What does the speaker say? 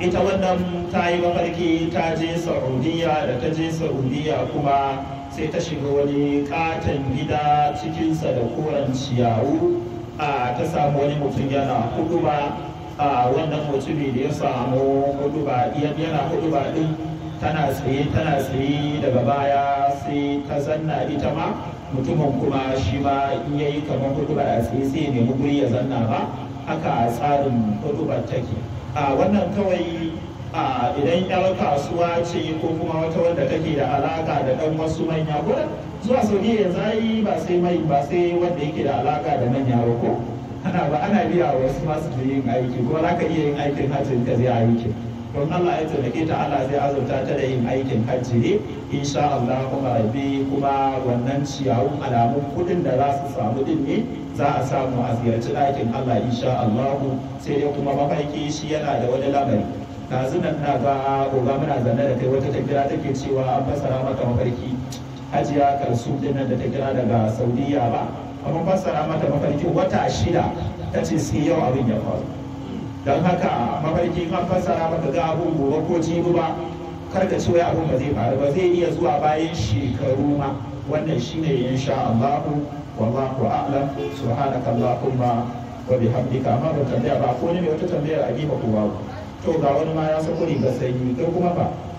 ita wannan ta yi mafarki ta je saudiya da ta je saudiya kuma sai ta shiga wani katon gida cikinsa da koren ciyawu a ta samu wani mutum yana huduba a wannan mutumi da ya samu huduba yana huduba din tana tsaye tana tsaye daga baya sai ta zanna ita ma mutumin kuma shi ma in yayi kamar huduba a tsaye sai nemi guri ya zanna ba haka tsarin hudubar take a wannan kawai a idan yar kasuwa ce ko kuma wata wanda take da alaka da dan wasu manya ko zuwa saudiya ya za'i ba sai mai ba sai wanda yake da alaka da manya ba ko ana ba ana biya wasu masu yin aiki ko za ka iya yin aikin hajjin ka zai aiki. don Allah ya taimake ta Allah zai azurta ta da yin aikin hajji ne insha Allah kuma bi kuma wannan ciyawun alamun kudin da za su samu din ne za a samu a ziyarci ɗakin Allah insha Allah sai dai kuma mafarki shi yana da wani lamari kazu nan na ga oga muna zanne da kai wata ta take cewa an fassara maka mafarki hajiya karsu din da ta kira daga saudiya ba amma fassara mata mafarki wata shida ta ce sai yau abin ya faru don haka a mafarki kan fassara maka ga abun gobe ko jibi ba kar ka ce wai abun ba zai faru ba zai iya zuwa bayan shekaru ma wannan shine insha Allah wallahu a'lam subhanaka allahumma wa bihamdika amma ban tambaya ba ko ne mai wata tambayar a gefe ko babu to ga wani ma ya ba sai sanyi ko kuma ba